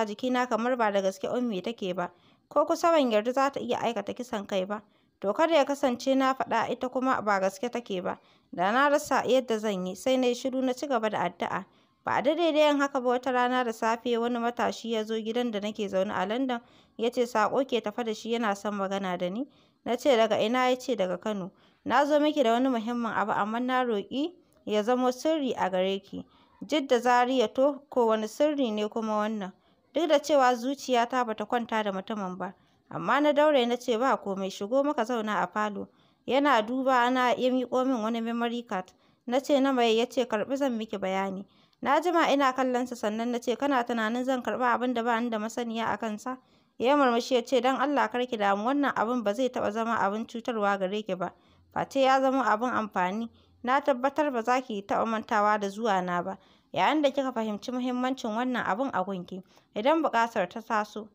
a jikina kamar ba da gaske Ummi take ba, ko kusa ban yarda za ta iya aikata kisan kai ba. To kada ya kasance na faɗa ita kuma ba gaske take ba, da na rasa yadda zan yi sai na yi shiru na ci gaba da addu'a. Ba a daidai da haka ba wata rana da safe wani matashi ya zo gidan da nake zaune a London ya ce saƙo ke tafa da shi yana son magana da ni. Na ce daga ina ya ce daga Kano. Na zo miki da wani muhimmin abu amma na roƙi ya zamo sirri a gare ki. Jidda Zaria to ko wani sirri ne kuma wannan? Duk da cewa zuciyata ba ta kwanta da mutumin ba, amma na daure na ce ba komai shigo muka zauna a falo. Yana duba na ya miƙo min wani memory card. Na ce na mai ya ce karɓi zan miki bayani. Na jima ina kallon sa sannan na ce kana tunanin zan karɓi abin da ba ni da masaniya a kansa? Ya murmushi ya ce don Allah kar ki damu wannan abin ba zai taɓa zama abin cutarwa gare ki ba. Face ya zama abin amfani. na tabbatar ba za ki taɓa mantawa da zuwa na ba yayin da kika fahimci muhimmancin wannan abun a gunki idan buƙatar ta taso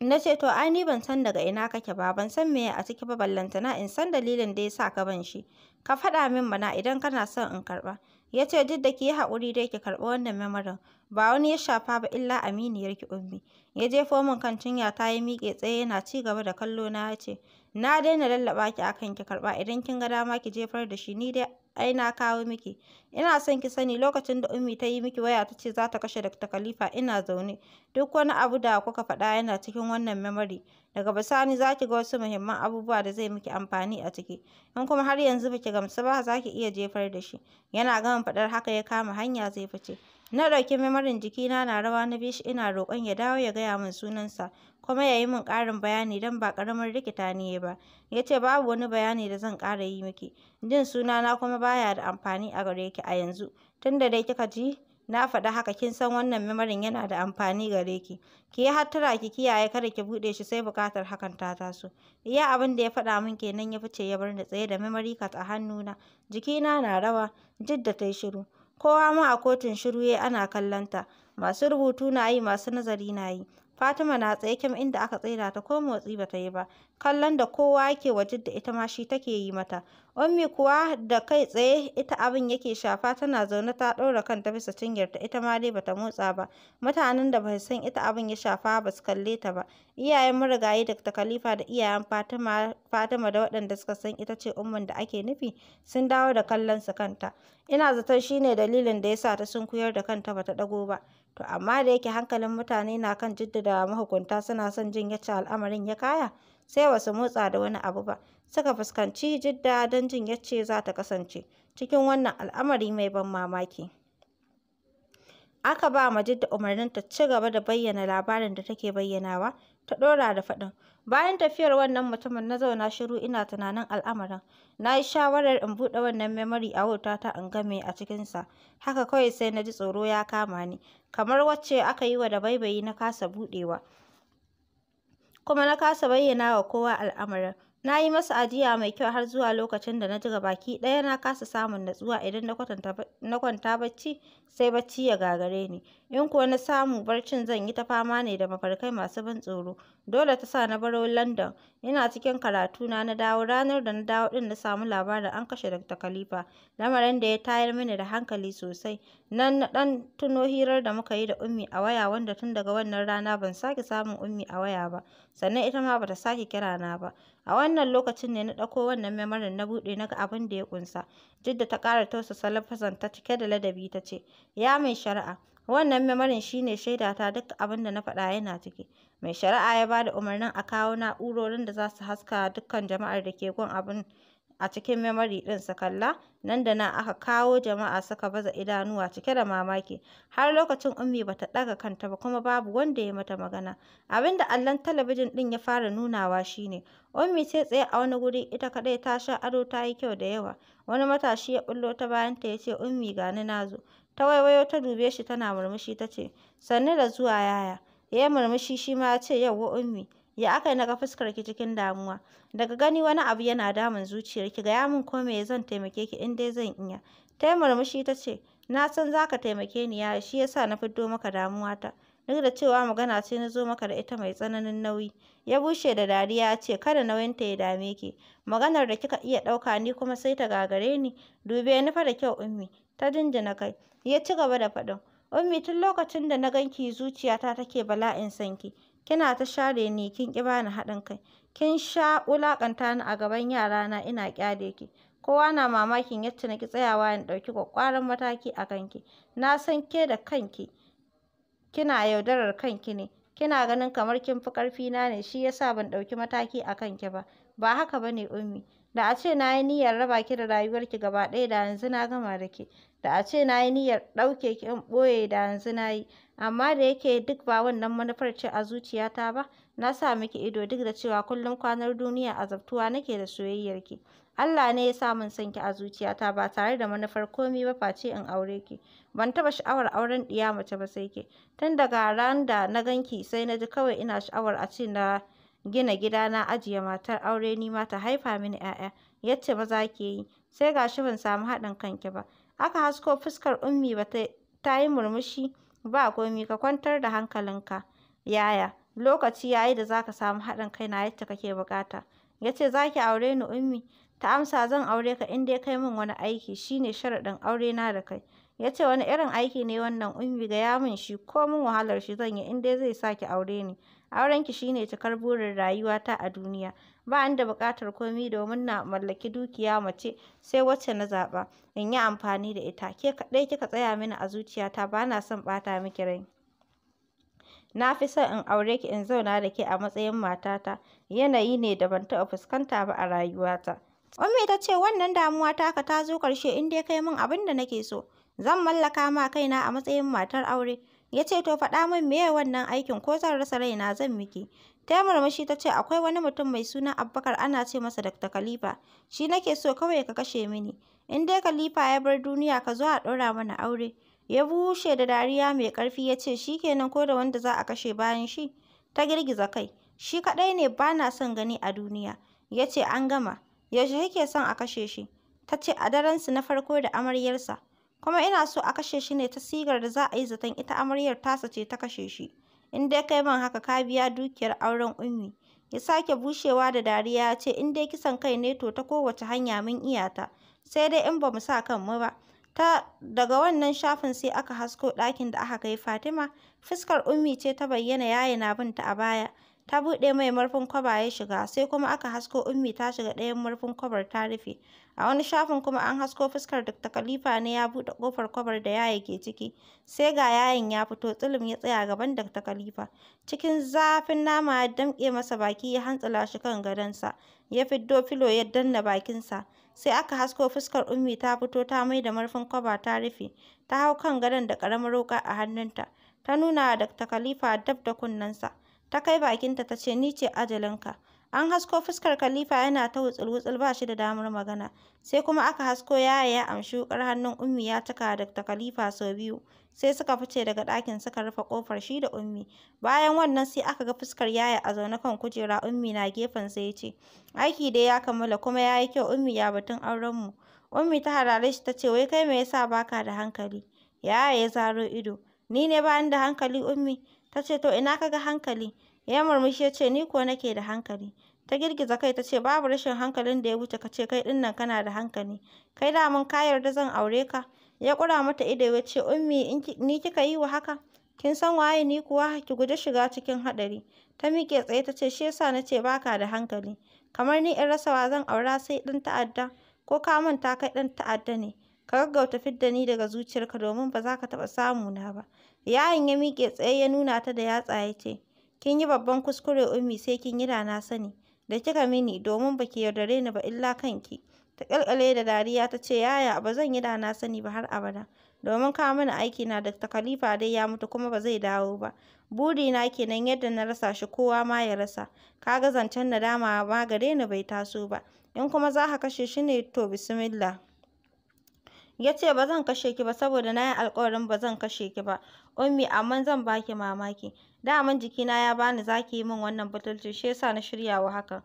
na ce to ai ni ban san daga ina kake ba ban san meye a ciki ba ballantana in san dalilin da ya sa ka ban shi ka faɗa min bana idan kana son in karɓa ya ce duk da ki yi haƙuri dai ki karɓi wannan memorin ba wani ya shafa ba illa aminiyar ki ummi ya jefo min kan cinya ta yi miƙe tsaye yana ci gaba da kallo na ya ce na daina lallaɓa ki akan ki karɓa idan kin ga dama ki jefar da shi ni dai ai na kawo miki ina son ki sani lokacin da ummi ta yi miki waya ta ce za ta kashe Dr. Khalifa ina zaune duk wani abu da kuka faɗa yana cikin wannan memory daga bisani za ki ga wasu muhimman abubuwa da zai miki amfani a ciki in kuma har yanzu baki gamsu ba za ki iya jefar da shi yana gama faɗar haka ya kama hanya zai fice na ɗauki memorin jikina na rawa na bi shi ina roƙon ya dawo ya gaya min sunansa kuma ya yi min ƙarin bayani don ba ƙaramin rikita ne ya ba. Ya ce babu wani bayani da zan ƙara yi miki, jin sunana kuma baya da amfani a gare ki a yanzu, tunda dai kika ji na faɗa haka kin san wannan memorin yana da amfani gare ki. Ki yi hattara ki kiyaye kada ki buɗe shi sai buƙatar hakan ta taso. Iya abin da ya faɗa min kenan ya fice ya bar ni tsaye da memory card a hannuna, jikina na rawa, Jidda ta yi shiru. Kowa ma a kotun shiru ya ana kallon ta, masu rubutu na yi masu nazari na yi. Fatima na tsaye kyam inda aka tsaida ta ko motsi ba ta yi ba. Kallon da kowa yake wa Jidda ita ma shi take yi mata. Ummi kuwa da kai tsaye ita abin yake shafa tana zaune ta ɗaura kanta bisa cinyarta ita ma dai bata motsa ba. Mutanen da ba san ita abin ya shafa ba su kalle ta ba. Iyayen marigayi Dr. Khalifa da iyayen Fatima Fatima da waɗanda suka san ita ce ummin da ake nufi sun dawo da kallon su kanta. Ina zaton shine dalilin da yasa ta sunkuyar da kanta bata ɗago ba. To amma da yake hankalin mutane na kan da mahukunta suna son jin yace al'amarin ya kaya, sai ba su motsa da wani abu ba. Suka fuskanci Jidda don jin yace za ta kasance cikin wannan al'amari mai ban mamaki. Aka ba ma Jidda umarnin ta ci gaba da bayyana labarin da take bayyanawa, ta ɗora da faɗin Bayan tafiyar wannan mutumin na zauna shiru ina tunanin al'amarin. Na yi shawarar in buɗe wannan memory a wutata in ga me a cikinsa. Haka kawai sai na ji tsoro ya kama ni. Kamar wacce aka yi wa dabaibayi na kasa buɗewa. Kuma na kasa bayyana wa kowa al'amarin. Na yi masa ajiya mai kyau har zuwa lokacin da na ji baki ɗaya na kasa samun natsuwa idan na kwanta bacci sai bacci ya gagare ni. In kuwa na samu barcin zan yi ta fama ne da mafarkai masu ban tsoro. Dole ta sa na baro London. Ina cikin karatuna na dawo ranar da na dawo ɗin na samu labarin an kashe Dr. Khalifa. Lamarin da ya tayar mini da hankali sosai. Nan na ɗan tuno hirar da muka yi da Ummi a waya wanda tun daga wannan rana ban sake samun Ummi a waya ba. Sannan ita ma bata sake kira na ba. A wannan lokacin ne na ɗauko wannan memorin na buɗe na ga abin da ya ƙunsa. Jidda ta ƙara tausasa lafazan ta cike da ladabi ta ce, Ya mai shari'a, wannan memorin shi ne shaidata duk abin da na faɗa yana ciki. Mai shari'a ya ba da umarnin a kawo na'urorin da za su haska dukkan jama'ar da ke gun abin a cikin memory ɗin su kalla nan da nan aka kawo jama'a suka baza idanuwa cike da mamaki har lokacin ummi bata ɗaga kanta ba kuma babu wanda ya mata magana abinda allon talabijin ɗin ya fara nunawa shine ummi sai tsaye a wani guri ita kaɗai ta sha ado ta yi kyau da yawa wani matashi ya ɓullo ta bayan ta ya ce ummi gani na zo ta waiwayo ta dube shi tana murmushi tace ce sannu da zuwa yaya ya murmushi shi ma ya ce yauwa ummi Ya aka yi na ga fuskarki cikin damuwa? Daga gani wani abu yana damun zuciyarki, gaya min ko me zan taimake ki in dai zan iya. Ta yi murmushi ta ce, na san za ka taimake ni yaya, shi ya sa na fiddo maka damuwata. Duk da cewa magana ce na zo maka da ita mai tsananin nauyi. Ya bushe da dariya ya ce, kada ta ya dame ki. Maganar da kika iya ɗauka ni kuma sai ta gagare ni. Dube ni fa da kyau Ummi. Ta jinjina kai. Ya ci gaba da faɗin. Ummi tun lokacin da na ganki zuciyata take bala'in sanki. Kina ta share ni kin ƙi bani haɗin kai. Kin sha wulaƙanta ni a gaban yarana ina ƙyale ki. Kowa na mamakin yadda na tsayawa in ɗauki ƙwaƙƙwaran mataki a kanki. Na san ke da kanki kina yaudarar kanki ne. kina ganin kamar kin fi ƙarfina ne shi yasa ban ɗauki mataki a kanki ba ba haka ba ne ummi da a ce na yi niyyar raba ki da rayuwarki gaba ɗaya da yanzu na gama da ke da a ce na yi niyyar ɗauke ki in ɓoye da yanzu na yi amma da yake duk ba wannan manufar ce a zuciyata ba na sa miki ido duk da cewa kullum kwanar duniya azabtuwa nake da soyayyarki Allah ne ya sa min son ki a zuciyata ba tare da manufar komai ba face in aure ki. Ban taba sha'awar auren ɗiya mace ba sai ke. Tun daga ran da na ganki sai na ji kawai ina sha'awar a ce na gina gida na ajiye matar aure ni ma ta haifa mini 'ya'ya yacce za ki yi. Sai ga shi ban samu haɗin kanki ba. Aka hasko fuskar Ummi ba ta yi murmushi ba komi ka kwantar da hankalinka. Yaya, lokaci yayi da za ka samu haɗin kai na yadda kake buƙata. Ya ce za ki aure ni Ummi. Ta amsa zan aure ka in dai kai min wani aiki shine sharaɗin aure na da kai. Ya ce wani irin aiki ne wannan ummi ga min shi ko min wahalar shi zan yi in dai zai sa aure ni. Aurenki shine shine cikar burin rayuwata a duniya. Ba ni da buƙatar komi domin na mallaki dukiya mace sai wacce na zaɓa in yi amfani da ita. Ke kaɗai kika tsaya mini a zuciyata ba na son ɓata miki rai. Na fi son in aure ki in zauna da ke a matsayin matata. Yanayi ne da ban taɓa fuskanta ba a rayuwata. Ummi ta ce wannan damuwa taka ta zo ƙarshe in dai kai min abin da nake so. Zan mallaka ma kaina a matsayin matar aure. Ya ce to faɗa min me meye wannan aikin ko zan rasa raina zan miki. Ta murmushi ta ce akwai wani mutum mai suna Abubakar ana ce masa Dr. Khalifa. Shi nake so kawai ka kashe mini. In dai Khalifa ya bar duniya ka zo a ɗora mana aure. Ya bushe da dariya mai ƙarfi ya ce shi kenan ko da wanda za a kashe bayan shi. Ta girgiza kai. Shi kaɗai ne bana son gani a duniya. Ya ce an gama. yaushe kake son a kashe shi ta ce a daren su na farko da amaryarsa kuma ina so a kashe shi ne ta sigar da za a yi zaton ita amaryar tasa ce ta kashe shi in dai kai man haka ka biya dukiyar auren ummi ya sake bushewa da dariya ya ce in dai kisan kai ne to ta kowace hanya mun iyata sai dai in ba mu sa mu ba ta daga wannan shafin sai aka hasko ɗakin da aka kai Fatima fuskar ummi ce ta bayyana yayi na a baya ta buɗe mai murfin kwaba ya shiga sai kuma aka hasko ummi ta shiga ɗayan murfin kwabar ta rufe a wani shafin kuma an hasko fuskar Dr. Khalifa ne ya buɗe kofar kwabar da yaya ke ciki sai ga yayin ya fito tsulum ya tsaya gaban Dr. Khalifa cikin zafin nama ya damƙe masa baki ya hantsila shi kan gadonsa ya fiddo filo ya danna bakinsa sai aka hasko fuskar ummi ta fito ta mai da murfin kwaba ta rufe ta hau kan gadon da ƙaramar wuƙa a hannunta ta nuna wa Dr. Khalifa dab da kunnensa ta kai bakinta ta ce ni ce ajalinka an hasko fuskar khalifa yana ta wutsul-wutsul ba shi da damar magana sai kuma aka hasko yaya ya amshi wukar hannun ummi ya cika da ta khalifa sau biyu sai suka fice daga ɗakin suka rufe kofar shi da ummi bayan wannan sai aka ga fuskar yaya a zaune kan kujera ummi na gefen sai ce aiki dai ya kammala kuma ya yi kyau ummi ya batun auren mu ummi ta harare shi ta ce wai kai me yasa baka da hankali yaya ya zaro ido ni ne bani da hankali ummi Ta ce, To ina kaga hankali? Ya murmushi ya ce, Ni ko nake da hankali. Ta girgiza kai ta ce, Babu rashin hankalin da ya wuce ka ce kai ɗin nan kana da hankali. Kai da mun ka yarda zan aure ka. Ya kura mata ido ya ce, Ummi, ni kika yi wa haka? Kin san waye ni kuwa? Ki guji shiga cikin haɗari. Ta miƙe tsaye ta ce, Shi yasa na ce baka da hankali. Kamar ni in rasa wa zan aura sai ɗan ta'adda, ko ka manta kai ɗan ta'adda ne. Ka gaggauta fidda ni daga zuciyarka domin ba za ka taɓa samu na ba. ya'yan ya miƙe tsaye ya nuna ta da yatsa ya ce, Kin yi babban kuskure Ummi sai kin yi da na sani, da kika mini domin ba ki yaudare ni ba illa kanki. Ta ƙalƙale da dariya ta ce, Yaya ba zan yi da na sani ba har abada, domin ka mana aiki na da ta Khalifa dai ya mutu kuma ba zai dawo ba. na kenan yadda na rasa shi kowa ma ya rasa, ka ga zancen nadama ma gare ni bai taso ba, in kuma za ka kashe shi ne to bismillah. ya ce ba zan kashe ki ba saboda na yi alƙawarin ba zan kashe ki ba ummi amma zan baki mamaki daman jikina ya bani zaki yi min wannan butulci shi yasa na shirya wa hakan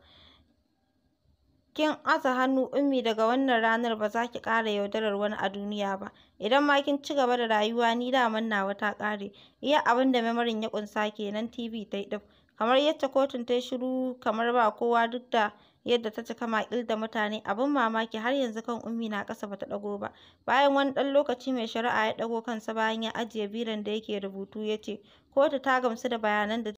kin aza hannu ummi daga wannan ranar ba za ki ƙara yaudarar wani a duniya ba idan ma kin ci gaba da rayuwa ni daman nawa ta kare iya abin da memorin ya ƙunsa kenan tv ta yi ɗin kamar yadda kotun ta yi shiru kamar ba kowa duk da yadda ta cika maƙil da mutane abin mamaki har yanzu kan ummi na ƙasa bata ɗago ba bayan wani ɗan lokaci mai shari'a ya ɗago kansa bayan ya ajiye biron da yake rubutu yace. kotu ta gamsu da bayanan da